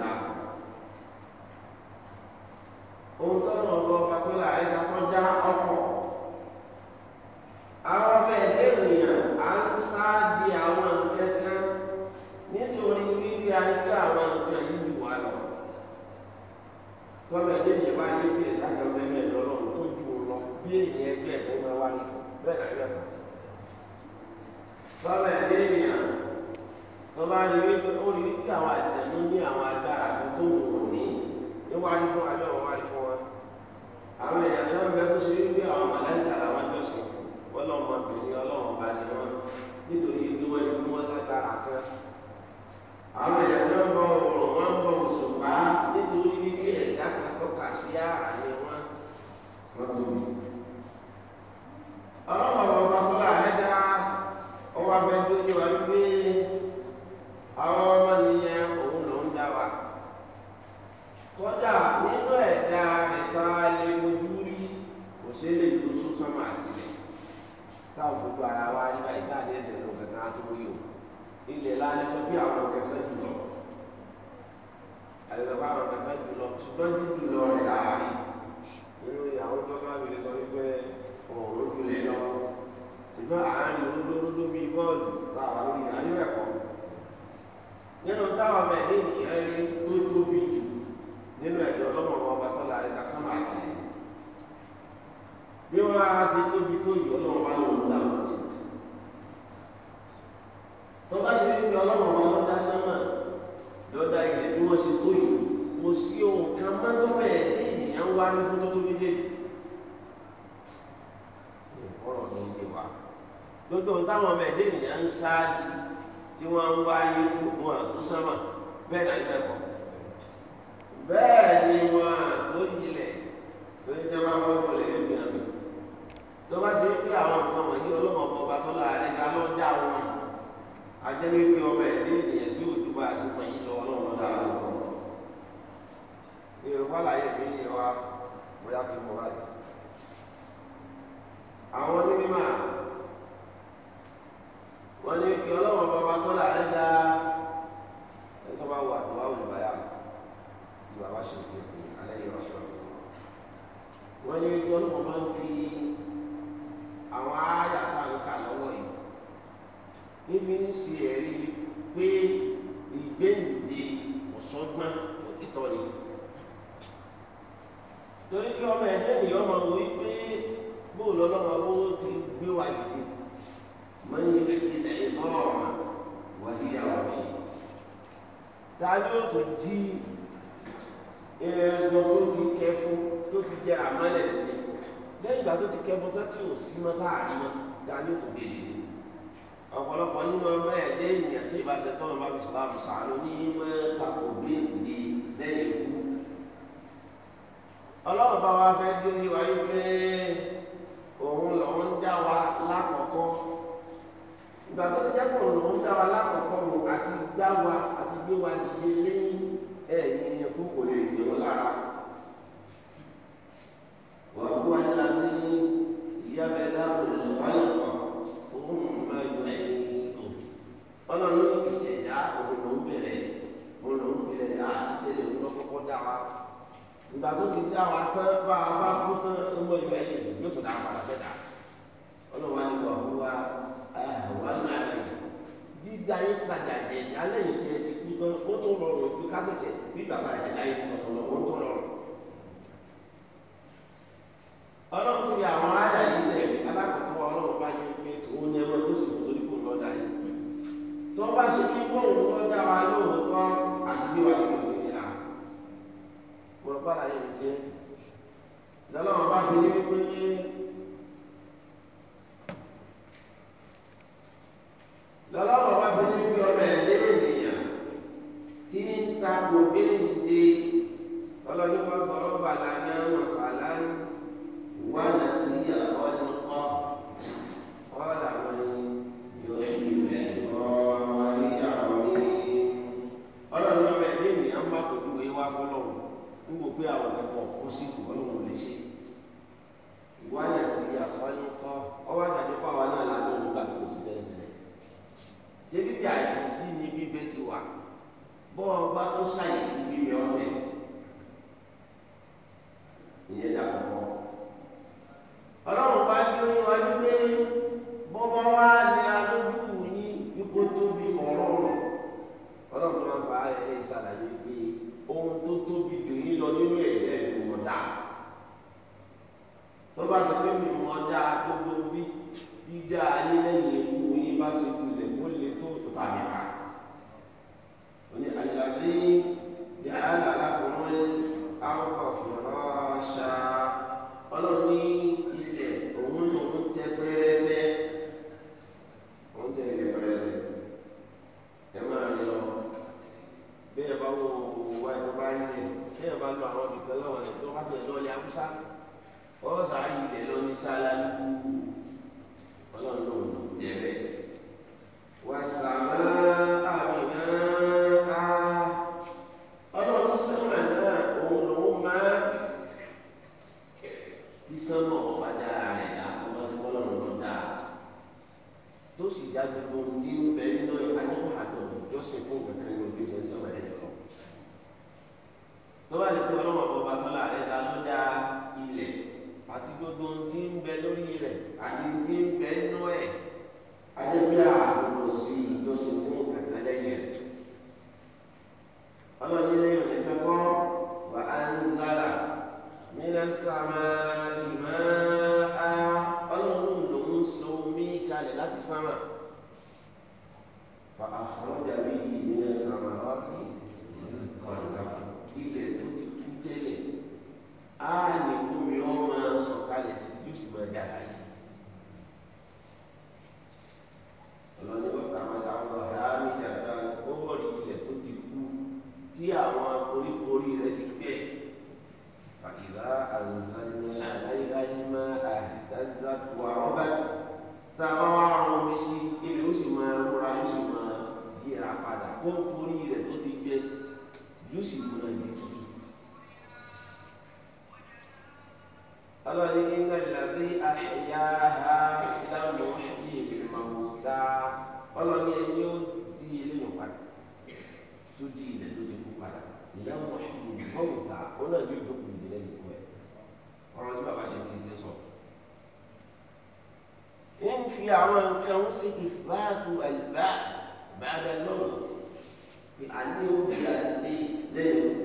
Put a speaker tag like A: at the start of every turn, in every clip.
A: dáa ohun tọ́nà ọgbọ́n fatọ́lá ẹ̀dá wá ní fún tó tó méjèèjì ọ̀rọ̀ mi yé wa gbogbo táwọn ọmọ ẹ̀dẹ́ ènìyàn ń ṣáájú tí wọ́n ń wáyé fún wọn àtó sánmà bẹ́ẹ̀ náà níbẹ̀ kọ́ bẹ́ẹ̀ ni wọn àtó ilẹ̀ tó ní jẹ́ máa wọ́n wọlé ẹ̀mí àmì tó bá ṣe pé àwọn nǹkan wọ̀nyí ọlọ́mọkọ bá tó láàrin ká lọ́ọ́ dá wọn àjẹ́ wípé ọmọ ẹ̀dẹ́ ènìyàn tí kọ́láyé mi yìí wa bóyá kí n mọ̀ báyìí. àwọn onímọ̀ wọ́n ní kí ọlọ́wọ́n bá wa kọ́lá rẹ̀ dá ẹni tó bá wà tó wà olùbáyà tí bàbá ṣe fi ẹ̀kún alẹ́ yìí rọ̀ṣọ́. wọ́n ní kí ọlọ́wọ́n máa ń fi àwọn ááyà tá à ń kà lọ́wọ́ yìí níbi ń ṣe ẹ̀rí pé ìgbéǹde ọ̀sọ́gbọ́n ìtọ́ni torí pé ọmọ ẹ̀dẹ́ nìyọ́ máa wọ wípé bóòlù ọlọ́mọ owó ti gbé wa dìde wọ́n yí ilẹ̀ ìtọ́ọ̀mà wọ́n ti yà wọ́n mi. ta ó tún jí ẹ̀ẹ́dọ̀ tó ti kẹ́ fún tó ti jẹ àmọ́lẹ̀ lẹ́yìn ìgbà tó ti kẹ́ bọ́tá tí ò sí mọ́ káàrí mọ́ ta ó tún gbé dìde. ọ̀pọ̀lọpọ̀ nínú ọmọ ẹ̀dẹ́ ènìyàn tí ìbáṣetọ́ ọmọ bá fi sàánú ní mọ́ ọlọ́run bá wa fẹ́ gbé yíwa yí pé òun lòun ń dá wa lákọ̀ọ́kọ́ ìgbà tó ti jẹ́ pé òun lòun ń dá wa lákọ̀ọ́kọ́ mu àti dá wa àti gbé wa dìde lẹ́yìn ẹ̀yìn ẹ̀kú kò lè gbé wọn lára wọ́n kú wa nílá ní ìyá bẹ̀dá òun wáyé kọ̀ òun máa yọ ẹ̀yìn ọlọ́run ló ń ṣẹ̀dá òun lòun bẹ̀rẹ̀ òun lòun bẹ̀rẹ̀ àṣìṣe lè ń lọ́kọ́kọ́ dá wa ìgbà tó ti dá wa tán bá a bá kú tán ọmọ ìgbà yìí yóò tún dá a padà bẹ́ẹ̀ dá ọlọ́wà ni wà wú wa wà ní alẹ́ yìí dídá yín padà dé alẹ́ yìí tiẹ̀ ti kú tán ó tún rọrùn ju kásẹ̀sẹ̀ bí bàbá ẹ̀sẹ̀ láyé tuntun lọ ó tún rọrùn. ọlọ́run fi àwọn àyà yìí sẹ̀ alákọ̀ọ́kọ́ ọlọ́run bá yẹ pé òun ni ẹgbẹ́ tó sì tó lórí kò lọ́dà yìí tó bá ṣe kí bóun lọ́dà wa lóòótọ́ àti bí wà lọ́ bára yìí jẹ́ lọ́lọ́run bá fi ní wípé lọ́lọ́run ọlọ́ni iná ìlàdí àṣẹyà ha lámù ṣíbí ìmọ̀mọ̀ta ọlọ́ni ẹni ó di eléyìí padà tó di ilẹ̀ tó ti kú padà lámù ṣíbí ìmọ̀mọ̀ta ọlọ́ni yóò jókòó ìdílé nìkú ẹ̀ ọ̀rọ̀ tí bàbá ṣe kí sọ. ń fi àwọn nǹkan ń ṣe ìfìbáàtú àlùbá bàdà lọ́wọ́ àlẹ́ òbí àlẹ́ lẹ́yìn.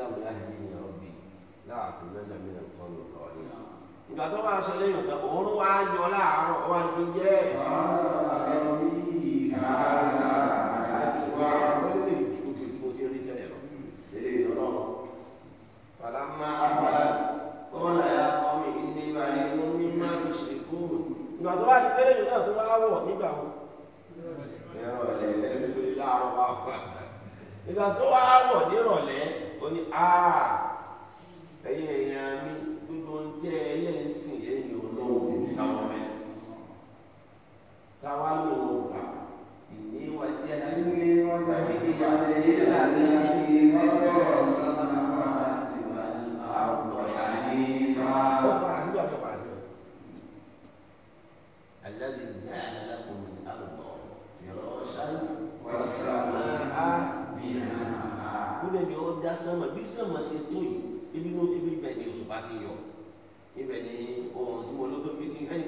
A: لم يهدني ربي لأكونن من القوم الضالين ìgbà tó bá sọ lẹ́yìn ọ̀tọ̀ òun wá yọ láàárọ̀ wá ní jẹ́ ìgbà tó bá ti fẹ́ lẹ́yìn náà tó bá wọ̀ nígbà wo ìrọ̀lẹ́ ìgbà tó wá wọ̀ nírọ̀lẹ́ 啊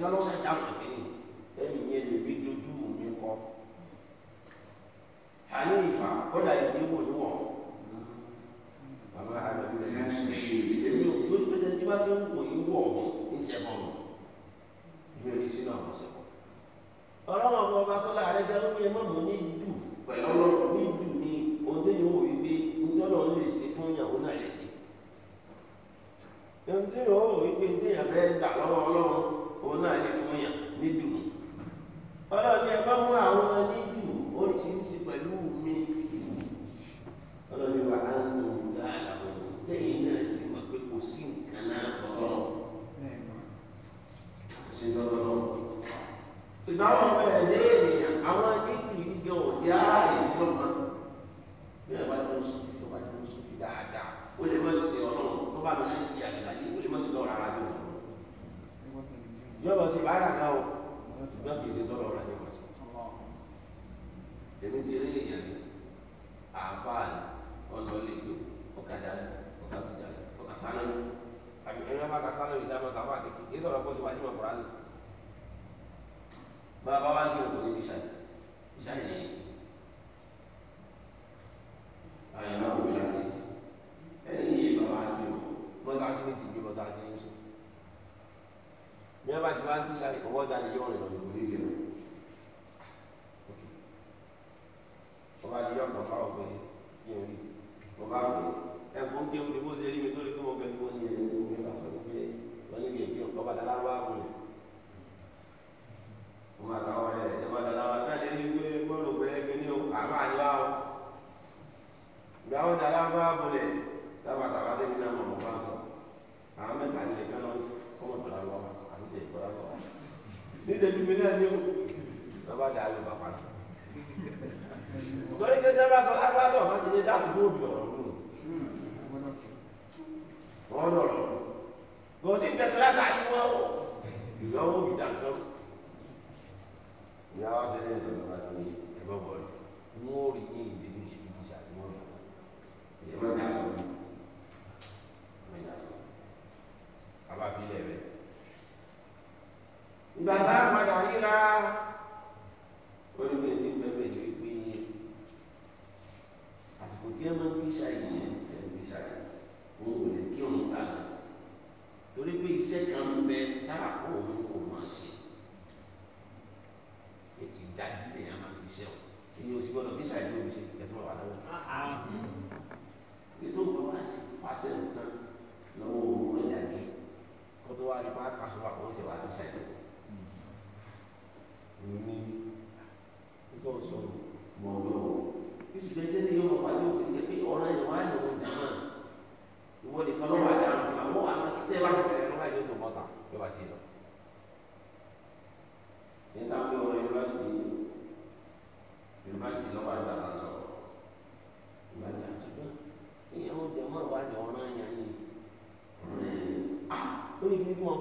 A: ẹnìkan ló ṣe dáhùn àkínní ẹnì yẹn lè mí dojú mi kọ àní ìfà kódà ìdíwò ni wọn bàbá àdàbí rẹ ṣe èmi ò tó pété tí bá ti ń wò yín wọ ọhún ń sẹkọọ nù ìbéèrè sínú àwọn sẹkọọ ọlọ́wọ́n ọmọ ọba tó láàárẹ̀ jẹ́ wọ́n yẹn mọ̀ mọ́ ní dù pẹ̀lú ọlọ́run ní dù ní ohun tó yẹ wò yí pé ntọ́nà ń lè ṣe fún ìyàwó náà lè ṣe ohun tó yẹ wò yí pé ntẹ́yà fẹ́ dà lọ́wọ́ ọlọ́run náà lè fún yàn ní dùn ọlọ́ọ̀ni ẹ bá mú àwọn ní dùn oríṣiríṣi pẹ̀lú mi ọlọ́ọ̀ni wà á ń lò nígbà àwọn tẹ́yìn náà sì mọ̀ pé kò sí nǹkan náà tọ́tọ́rọ̀ kò sí tọ́tọ́rọ̀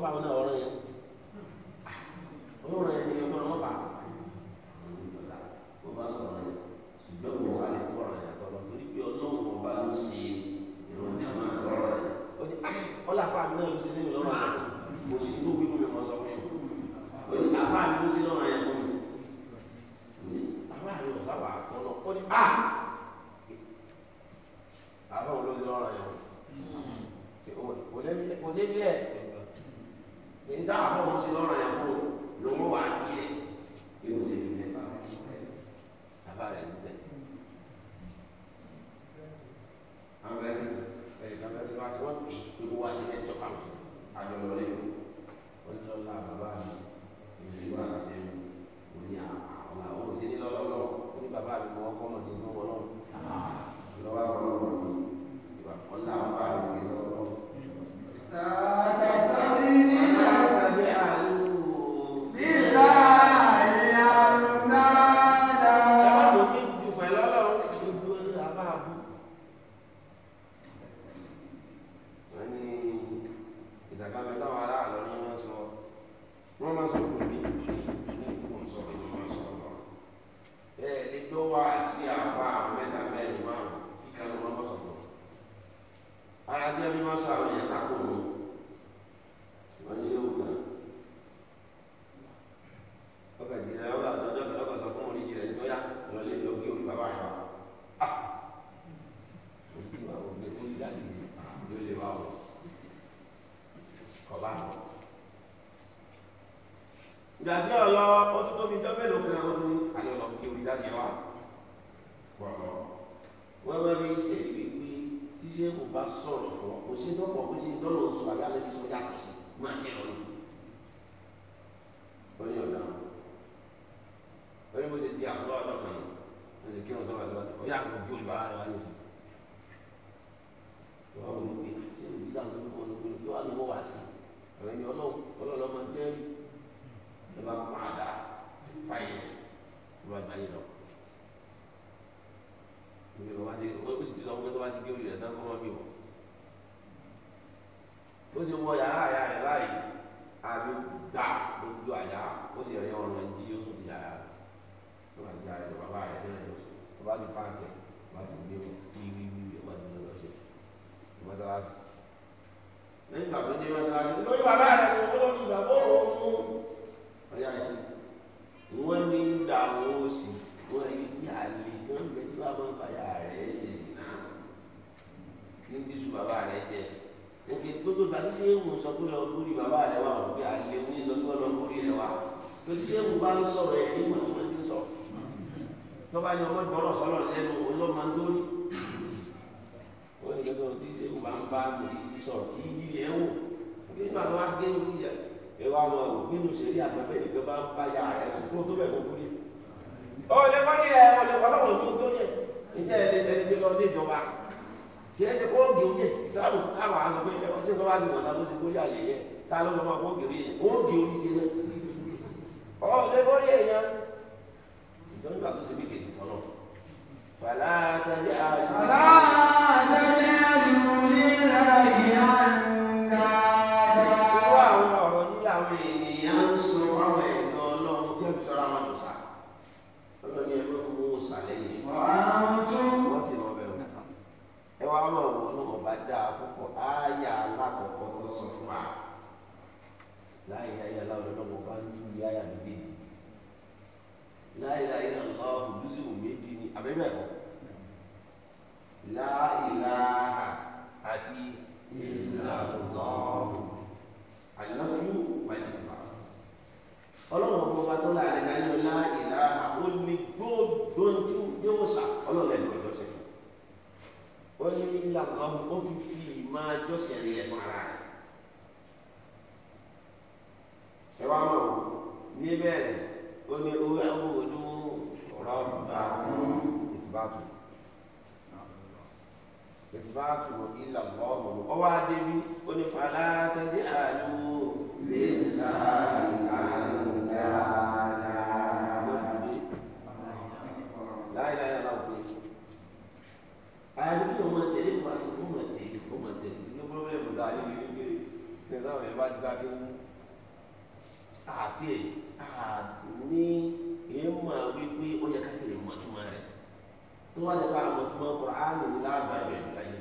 A: 把那。nígbà tó jẹ́ wọn láti lórí bàbá rẹ̀ ló wọ́n lórí bàbá òun. ọ̀yà ìsìn wọ́n ní ìdààmú òsì wọ́n rí bí àlè wọ́n bẹ tí bàbá bàyà rẹ̀ ṣe nà kí n bí su bàbá rẹ̀ jẹ. òkè gbogbo ìgbà tí sẹ́yìn wò sọ pé lọ lórí bàbá rẹ̀ wà wọ́n bí àlè wọ́n ní sọ pé lọ lórí rẹ̀ wà. pẹ̀lú sẹ́yìn wò bá ń sọ. tọ́ba ni ọmọ ìgbọ́rọ̀ sọ́lọ̀ lẹ́nu olóòmà ń dórí. wọ́n yẹn wò bí nígbà tó wá gé orí yẹ ẹ wá mọ o nínú ìṣèlú àgbẹ̀fẹ́ nìkan bá ń bá ya rẹ sùkúrò tó bẹ̀ kó kúrì. ó lè wọ́n ní ẹ ọ lè wọ́n lọ́wọ́ ní ojú yẹ ìjẹ́ ẹ lè ẹni gbé lọ ní ìjọba kì í ṣe kó ń gé orí yẹ ìsáàbù káwọn aṣọ pé ẹ ṣe kó bá ti wọ̀n lábó ṣe kó yà yẹ tá ló lọ́ máa kó gé orí yẹ ó orí ti yẹ. ọ lè wọ́n ní èèyàn àwọn ọba ń ju ìyá yà méjèèjì láìláì náà lọ olùsìn méjì ní abẹ́bẹ̀ lọ láìláà àti ìlàlọ́ àlọ́fíù pàdésìmá ọlọ́run ọ̀pọ̀ ọba tó láàrin láyọ̀ láìláà ó ní gbogbo tí ó dé òòsà ọlọ́run ẹ̀dùn ọjọ́ sẹ́fún ní ìlàlọ́ ó fi fi máa jọ́sẹ̀ rí ẹ̀kọ́ rẹ̀. níbẹ̀ ó ní owó àwòdú rọ́bà ìfìbátù ìfìbátù ilà lọ́rùn ó wá débi ó ní fàlà tàbí àlù lílà àlùdà. láyé láyé aláwọ̀ pé àyàbí kí ọmọ tẹ̀lé ìwà ìwọ̀n tẹ̀lé ìwọ̀n tẹ̀lé ní pọ́blẹ́mù dáa níbi wípé ní sáwọn ẹ̀ bá gbá kí wọ́n àti èyí ní èèmọ̀ wípé ó yẹ ká tẹ̀lé mọ̀túmọ̀ rẹ̀ tó wá yẹ ká mọ̀túmọ̀ kùránì ní láàbàbẹ̀ láyé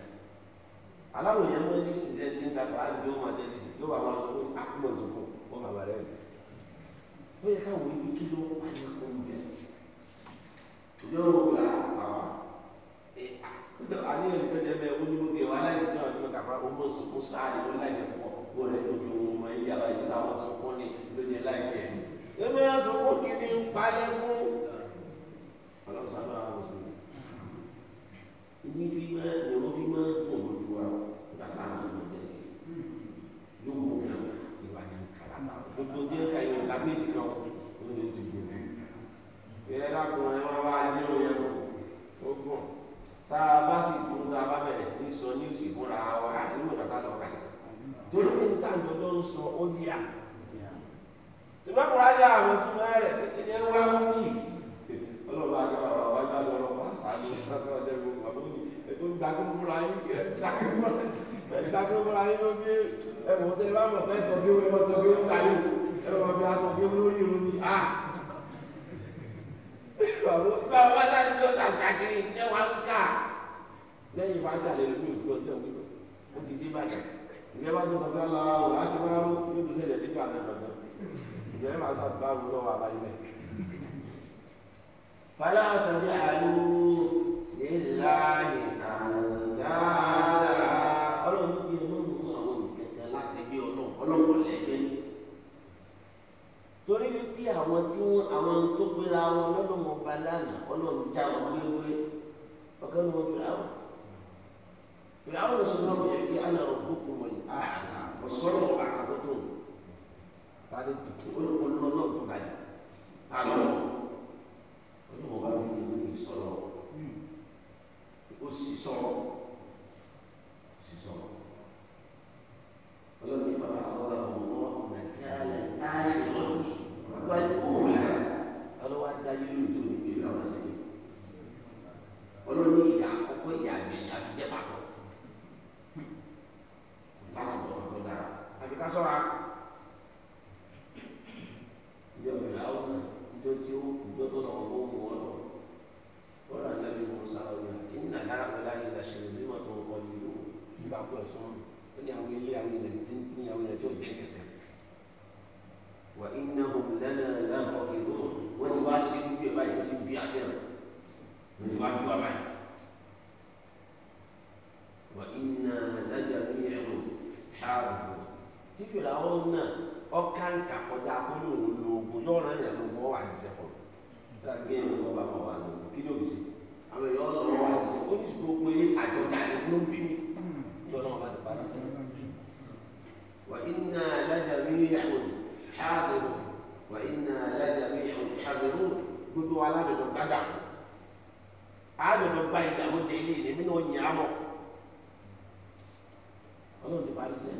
A: aláwọ̀ yẹn mọ̀ ní sísẹ́ ní nígbà kùránì yóò máa tẹ̀lé sí yóò máa sọ pé àkúmọ̀ tó kù wọ́n máa bá rẹ̀ lẹ̀ ó yẹ ká wòye kí ló wà ní oúnjẹ yóò rò wá àwọn àníyàn tó jẹ́ bẹ́ẹ̀ ó ní mo ti wà náà ní kàfà ó mọ̀ sùn sáà ṣé máa sọ kó kiri ń palẹ̀ mú ọlọ́sàbà ọ̀sùn ní fi máa ní wọ́n fi máa dùn lójú wa bàtà àwọn ọmọdé yóò mú àwọn ìwà ní kàlàkà gbogbo jẹ́ ẹ̀yìn ọ̀gá méjì náà ó ní ojú gbogbo ìrẹ́ lákùnrin wọn wá ní oyè lọ ó gùn tá a bá sì dúró tá a bá bẹ̀rẹ̀ sí ní sọ ní òsì fúnra wa nígbà tá a lọ kàlà tó ló ń tàǹdọ̀ ló ń sọ ó di à ìmọ̀kùnrin ajá àwọn tó máa rẹ̀ kékeré wá ń wí ọlọ́run bá gbára wà wá gbára lọ́rọ̀ wá sáré lọ́sọ̀rọ̀ ọjọ́ ìgbòho àbúrò ètò ìgbàgbọ́múra yín ìgbàgbọ́múra yín ló gbé ẹ̀wọ̀n tẹ bá mọ̀ fẹ́ tọ́jú ẹ̀ mọ̀ tọ́jú ẹ̀ láyé ẹ̀wọ̀n bí atọ́jú lórí irun ni a. Ah! bá wá sáré tó sàkàkiri ìjẹ́ wa ń kà lẹ́yìn wá jà lẹ́nu mi ò gbọ́ tẹ̀ wí ó ti dí bàjẹ́ ìgbẹ́ bá tó sọ ìyẹn máa sá bá wúlọ wà báyìí mẹ. fàlà àtàbí àlù ìlà ìdáadáa ọlọ́run bí ọlọ́run mú àwọn olùkẹ́kẹ́ látẹ̀gbẹ́ ọlọ́run ọlọ́run lẹ́gbẹ́. torí wípé àwọn tí wọn àwọn tó gbéra wọn lọ́dún ọba lánàá ọlọ́run já wọn wéwé ọ̀gá ni wọ́n fi ra wọn. fi ra wọn lọ sí ọlọ́run yẹn kí ana rabbukumul a'la ọ̀sọ́rọ̀ ọ̀bà tani tuntun olówó lọ́lọ́ tó dájà tani lọ olówó bá fi ní ìwé sọ̀rọ̀ ó sì sọ̀rọ̀ sì sọ̀rọ̀ olórí bàbá àwọn ọ̀dọ́ àwọn. lẹ́nà lẹ́nà ìlú wọ́n ti wá sí ibi ẹ̀ báyìí wọ́n ti bí àṣẹ rẹ̀ wọ́n ti wá ju wa báyìí. wà iná lájà ní ẹ̀rù ṣáàbù títí làwọn náà ọkà ń kà kọjá akóló òun lo ogun yóò rán ìyàtọ̀ wọ́n wà ní sẹ́kọ̀ lágbé ẹ̀rọ wọn bá wọn wà ní kí ló ń sè àwọn èèyàn ọ̀nà wà ní ó ti sọ pé àjọjà ni ló ń bí mi lọ́nà wọn bá ti padà sí. wà iná lájà ní ẹ̀rù ṣáàbù wà iná alájàmí ìhàbẹ̀rù gbogbo aládọ̀dọ̀ gbàdà àádọ̀dọ̀ gba ìdààmú délé ìdèmí náà nyàmọ̀ ọlọ́run ti parí sẹ́yìn.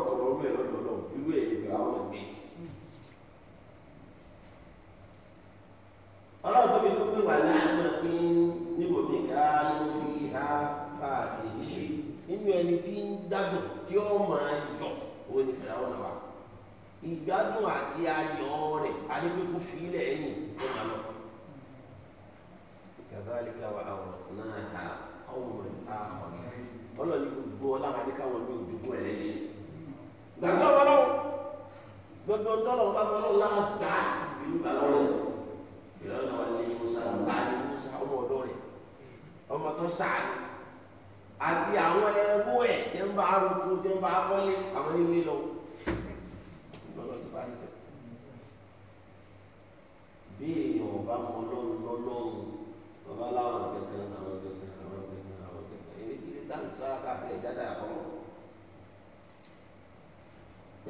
A: ìgbádùn àti ayọ̀ rẹ̀ adébíkú fílẹ̀ ẹ̀yìn ó máa lọ fún un. kàdáàlíkà wà àwòrán náà ha ọ̀hún àhọ̀ ọlọ́ọ̀ni gbogbo ọlọ́run ní káwọn ní òdùgbò ẹ̀ lẹ́yìn. gbàgbọ́ ọlọ́run gbogbo tọ́lọ̀ bá fọ́ lọ́la gbà ìlú bàbá rẹ̀ ìlọ́nà wà ní musa ta ní musa ọmọ ọ̀dọ́ rẹ̀ ọmọ tó sáàlì àti àwọn ẹrú ẹ̀ tẹ́ ń bá arúgbó tẹ́ ń bá akọ́lé àwọn nílé lọ́wọ́. bá mọ ọlọ́run lọ́lọ́run bàbá láwọn kankan àwọn kankan àwọn kankan àwọn kankan èyí kí lè dáhùn sára káàkiri ìjádà àkọ́mọ́.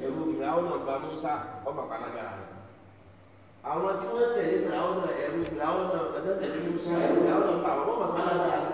A: ẹ̀rù fìràwọ́n náà gba musa ọmọ pàlágàrà rẹ̀ àwọn tí wọ́n tẹ̀lé fìràwọ́n náà ẹ̀rù fìràwọ́n náà ọ̀dọ́ tẹ̀lé musa ẹ̀rù fìràwọ́n náà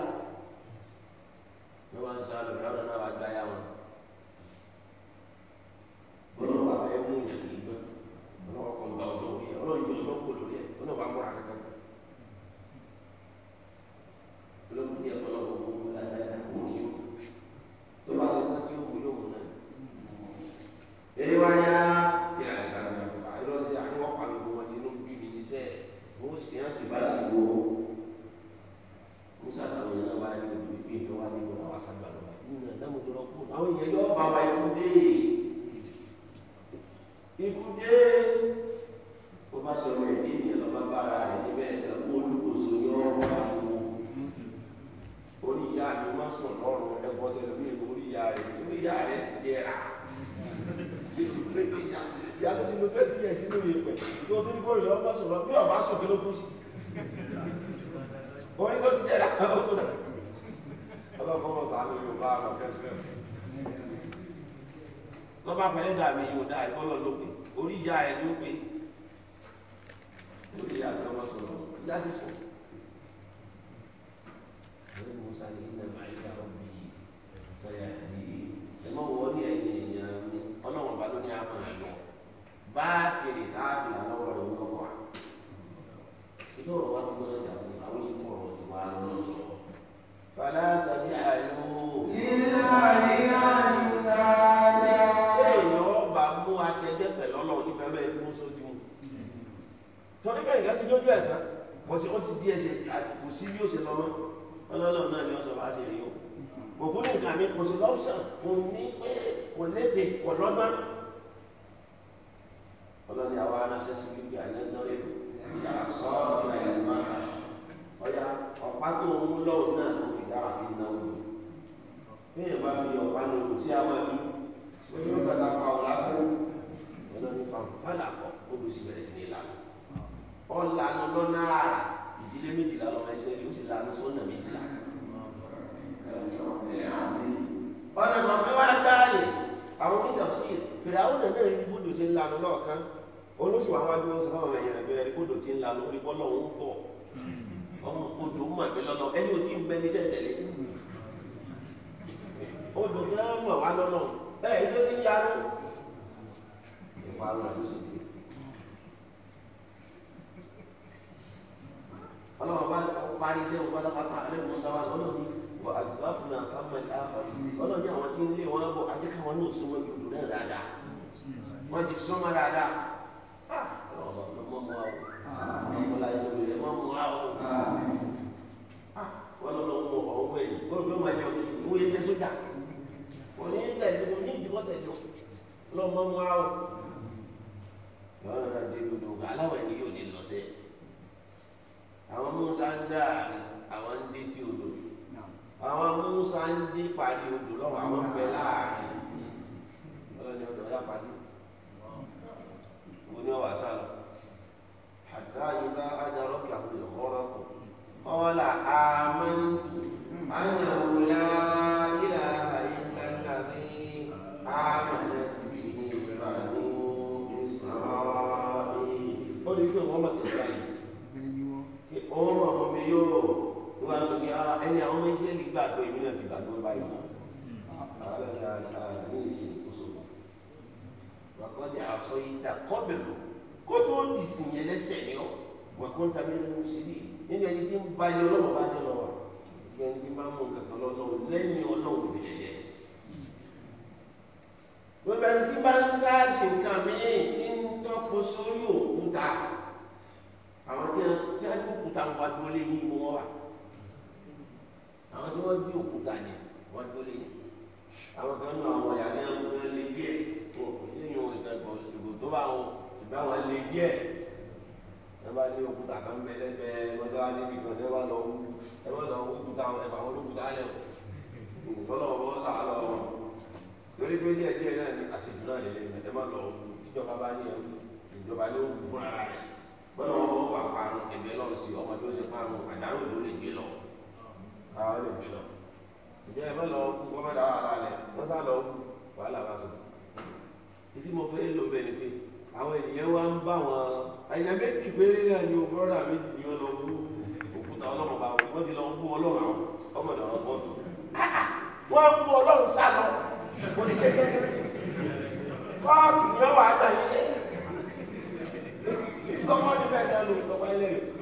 A: di ẹsẹ̀ kò sí bí ó ṣe lọ́mọ́ ọlọ́lọ́ náà ni wọ́n sọ bá ṣe rí o òkú ní nǹkan mi kò sí lọ́sàn kò ní pé kò létè kò lọ́gbọ́n ọlọ́ni àwa aránsẹ́ sí gbígbé àná lọ́rẹ́ ìyá sọ́ọ́ ìyá ìlú máa ọ̀yà ọ̀pá tó ń lọ́wọ́ náà ló fi dára fi náà wò bẹ́ẹ̀ bá fi ọ̀pá lò ó sí àwọn ìlú ojú ọ̀gá ta pa ọ̀ lásán ọlọ́ni fa ọ̀pá làkọ̀ ó lù sí bẹ̀rẹ̀ sí ní ìlànà ọ̀lànà ìdílé méjìlá lọ́mọ ẹsẹ̀ yóò sì lànà sọ́nà méjìlá. ọ̀nà kan pé wọ́n á gbá ààyè àwọn oníjà sí fèrè àwọn ọ̀nà náà ní bódò ṣe ń lanu lọ́ọ̀kan olóṣù àwọn adúlọ́ sọ fún àwọn ẹ̀yẹ̀rẹ̀ bẹ́ẹ̀ rí bódò ti ń lanu orí bọ́lọ̀ ń bọ̀ ọmọ odò mọ̀ pé lọ́lọ́ ẹni ò tí ń ọlọ́wọ́ bá parí iṣẹ́ wọn pátápátá alẹ́ mọ́ sáwá lọ́nà ní wọ́n àzùbáfúnà fámìlì àfàlì ọlọ́ni àwọn tí ń lé wọn bọ̀ ajẹ́ káwọn náà súnmọ́ ìlú náà dáadáa wọ́n ti súnmọ́ dáadáa ah! ọlọ́wọ́ bá mọ́ mọ́ àwọn ọmọlá ìjọba ilẹ̀ mọ́ ah! mọ́ àwọn ẹ̀ àwọn musa ń dá àwọn ń dé tí odò àwọn musa ń dé parí odò lọ́wọ́ àwọn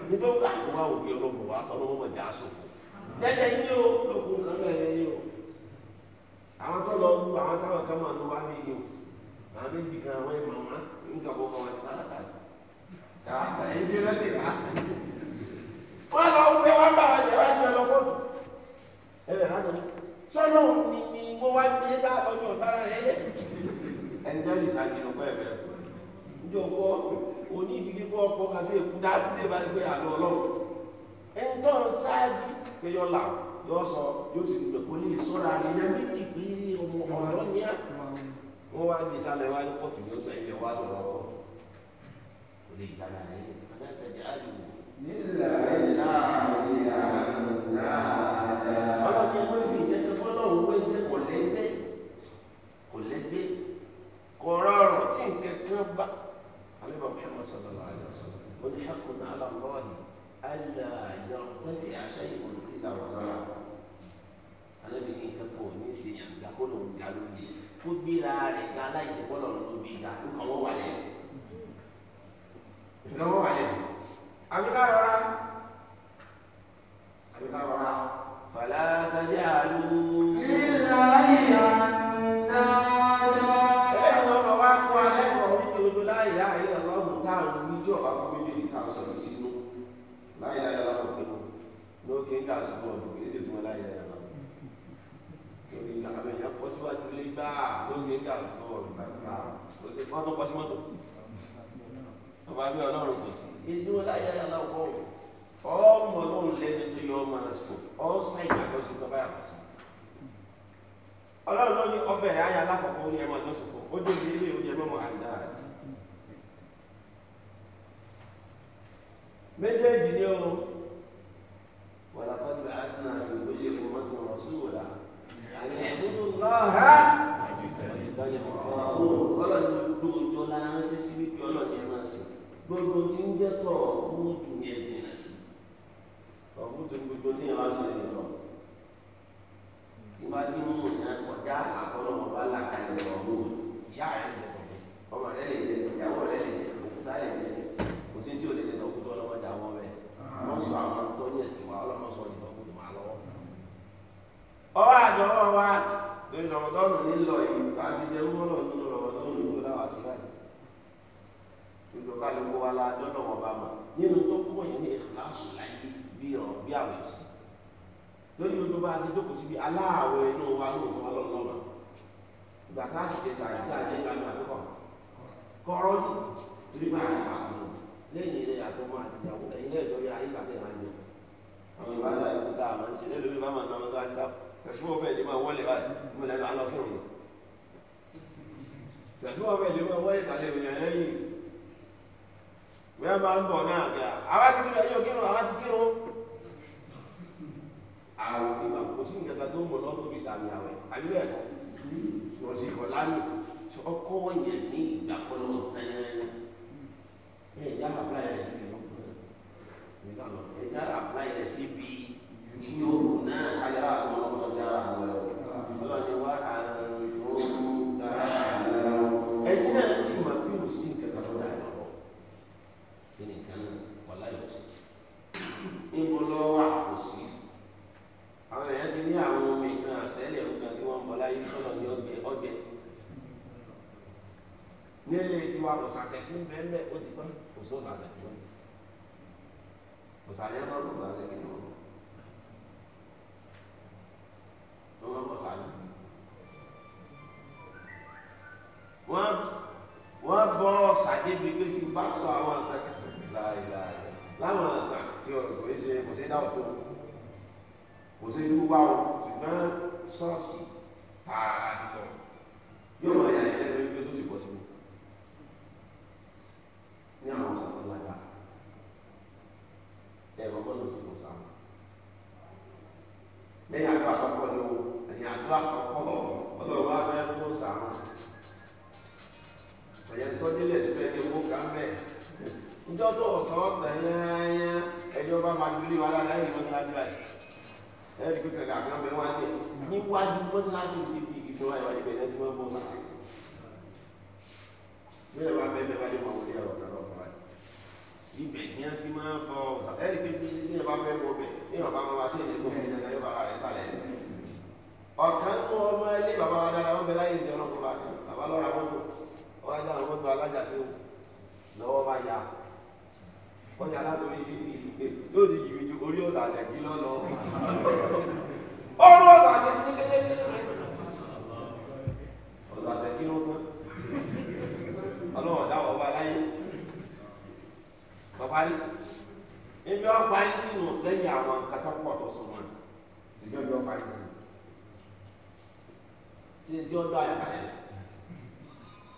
A: nígbà wo láti wá òbí ọlọ́gbọ̀n wá sọ ọlọ́wọ́ mọ̀já sùn dẹ́dẹ́ yín o lókun kan náà yẹ yín o àwọn tó lọ wú àwọn táwọn kan máa ń wá bí yín o àwọn méjì kan àwọn ẹ̀ màmá nígbà wo kọ́ wọn ti sára kàlí kàlá yín ti rẹ́tì rà wọ́n lọ wú ẹ wọ́n bá wọn jẹ lọ kóòtù ẹ bẹ̀rẹ̀ lánàá sọ́nà ni mo wá gbé sáà lọ́jọ́ ọ̀tá rẹ̀ ẹ̀ ẹ̀ ń jẹ́ ìsàgìrì njẹ́ o gbọ́ òní ìdílé kọ́ ọkọ àti èkú dáadé bá ti pé àlọ́ ọlọ́run ẹni tó ń ṣáájú pé yọ là yọ sọ yóò sì gbẹ kó lè sọ́ra rẹ̀ yẹn méjì pé ọmọ ọ̀dọ́ ní à wọ́n wá ní ìsàlẹ̀ wá ní kóòtù ní ọ̀sẹ̀ ilẹ̀ wá lọ́wọ́ kò lè yára rẹ̀ adájọ́ àdìgbò. nílà ìlà ìlà ìlà ọlọ́dún ẹgbẹ́ fi ìjẹ́jẹ́ fọlọ́run pé ìjẹ́ kò lẹ́gbẹ́ kò lẹ́gbẹ́ kò rọrùn tí nǹkan kan bá ونبى محمد صلى الله عليه وسلم قل حق على الله ألا يرتفع شيء إلا وراءه أنا بني كتبوني سي يقولون قالوا لي قد بلا رجع لا يسبول الله بيجا كم عليه كم عليه أبي كارورا أبي كارورا فلا تجعلوا لله láyé láyé lọ́wọ́ pé o ní ó kéńtà àsìkò ọ̀dùn kì í sì fún ẹ láyé láyé lọ́wọ́ torí àmì ìyá pọ̀ síwájú lé gbá ní ó kéńtà àsìkò ọ̀dùn bàbá o ti kọ́ tó pọ̀ sí mọ́tò ọba bí ọlọ́run kò sí ìdí wọn láyé láyé lọ́wọ́ méjèèjì ni o 说啥子？yín ebi ọgbà sínú lẹ́yìn àwọn katapọ̀ tó sọ wọn ìjọ ìjọ sínú tí tí ó dọ̀ àyàbáyà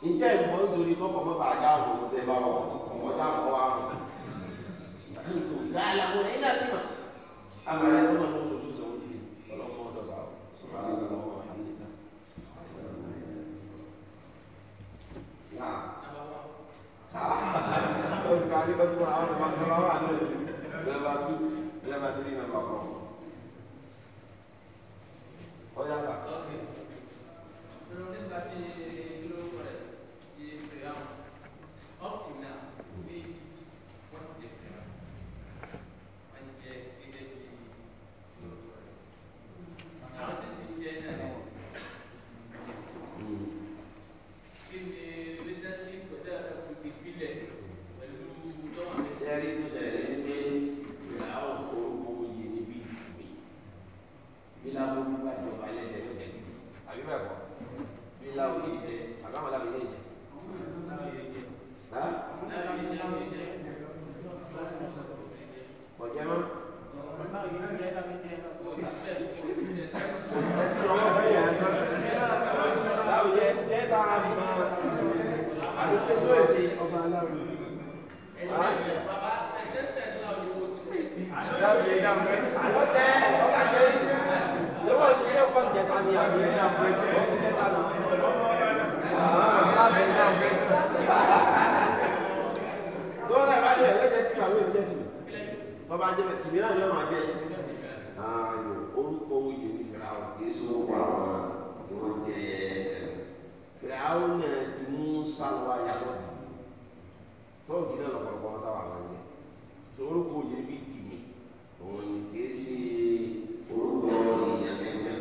A: ǹjẹ́ nítorí kọ́kọ́ mọ́ba àjà àwọn ọmọdé bá wọ̀ ọmọdé àwọn ọmọ àwọn ètò ìjà àyàwó ilé àti mà àgbàlẹ̀ tó wọn. bàbá jẹ́ bẹ̀ tìmí náà yóò máa jẹ́ ààyò orúkọ oyè ní fìràwọ̀ kìí sọ wọ́n tí wọ́n jẹ́ fìràwọ̀ náà ti mú sálọ́wọ́ yàtọ̀ tọ́ọ̀gì náà lọ́pọ̀lọpọ̀ wọn sábà máa ń jẹ orúkọ oyè níbi tìmí òun ni kìí orúkọ ìyá mẹ́ta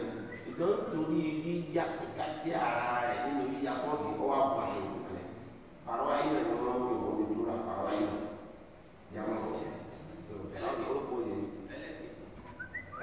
A: ìtàn torí yíyá ìkásí ara rẹ̀ nínú yíyá tọ́ọ̀gì ọwọ́ àpàlẹ̀ àrọ̀ ayé náà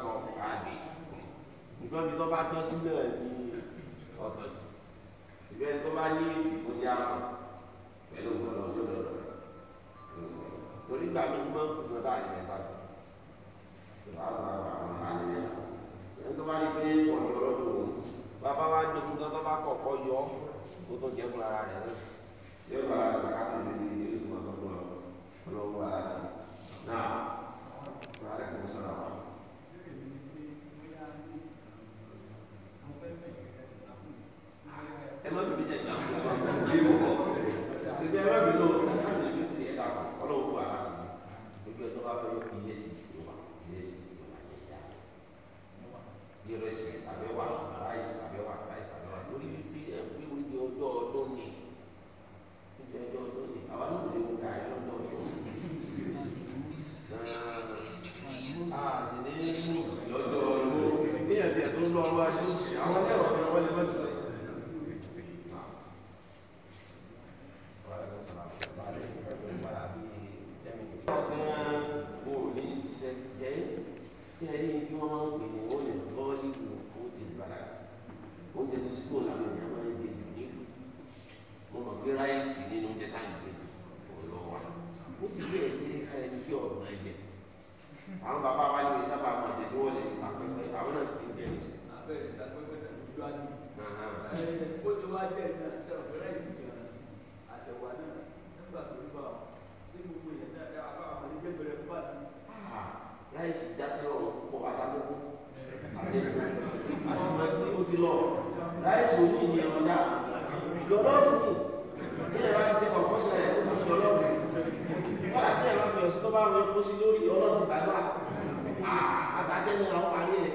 A: sọ àgbè nǹkan bí tó bá tọ́ sílẹ̀ ní ọ̀tọ̀ sí ìbẹ́ tó bá ní ìkójà pẹ̀lú ọ̀gbọ́n ọjọ́ lọ́dọ̀ torí gbà mí gbọ́ kùtù bá àyè mẹ́ta tó tó bá ní pé ọ̀yọ́ lọ́dọ̀ òun bàbá wa jó kí tó bá kọ̀kọ́ yọ tó tó jẹ́ fúnra rẹ̀ náà yóò bá àkàtà sọ̀rọ̀ ẹ má bẹ̀rẹ̀ jẹ́ sì já sí ọ̀rọ̀ púpọ̀ àtàkókò
B: àtẹ̀kọ́ àwọn ọmọ ẹ̀sìn
A: ó ti lọ ráìsì òní ìní ẹ̀rọ dá lọ́lọ́ọ̀dù tí ẹ bá ti ṣe kọ̀ọ̀fọ́ ṣe ẹ̀ fún ṣe ọlọ́ọ̀dù kọ́lá tí ẹ bá fi ọ̀sìn tó bá rọ epo sí lórí ọlọ́ọ̀dù gbàgbà àtàjẹ́ ni àwọn parí ẹ̀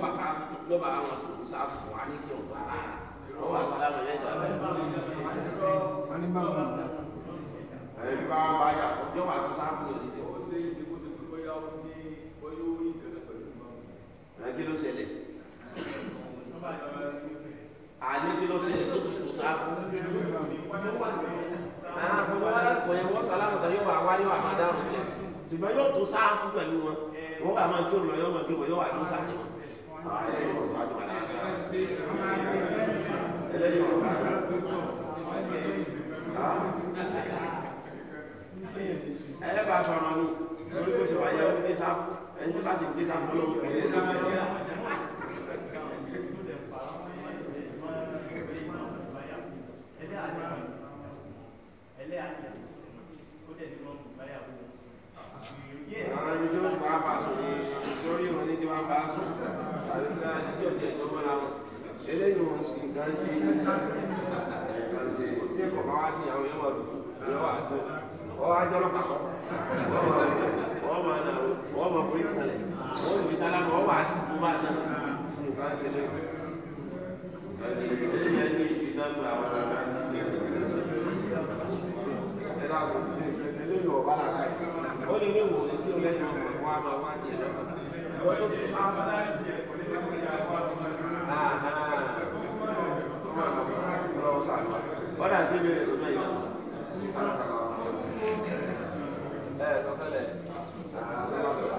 A: lọ́ba ká lọ́ba àwọn tó sá fún wa ní ìjọba wa rárá wọ́n wà sọ́dá mi lẹ́jọ́ ẹ̀rí bá wà bá yà fún yọ́wà tó sá fún yòó ó ṣe é ṣe kó ṣe pé bóyá ó ní bóyá ó ní ìkẹ́kẹ́ pẹ̀lú mọ́. ẹ kí ló ṣẹlẹ̀ àní kí ló ṣẹlẹ̀ tó tutù sá fún. àwọn ọmọ wa láti wọ̀nyẹn wọ́n sálámù tán yóò wá wá yóò àmàdá rẹ̀ ṣùgbọ́n yóò tó sá fún pẹ̀lú wọn wọ́n wà máa kí òun lọ yóò máa kí òun yóò wà tó sá fún wọn ẹ bá sọ̀rọ̀ ní olùkóso ayé ọ̀gbẹ́sáfù ẹni bá ti gbé sáfù lọ́wọ́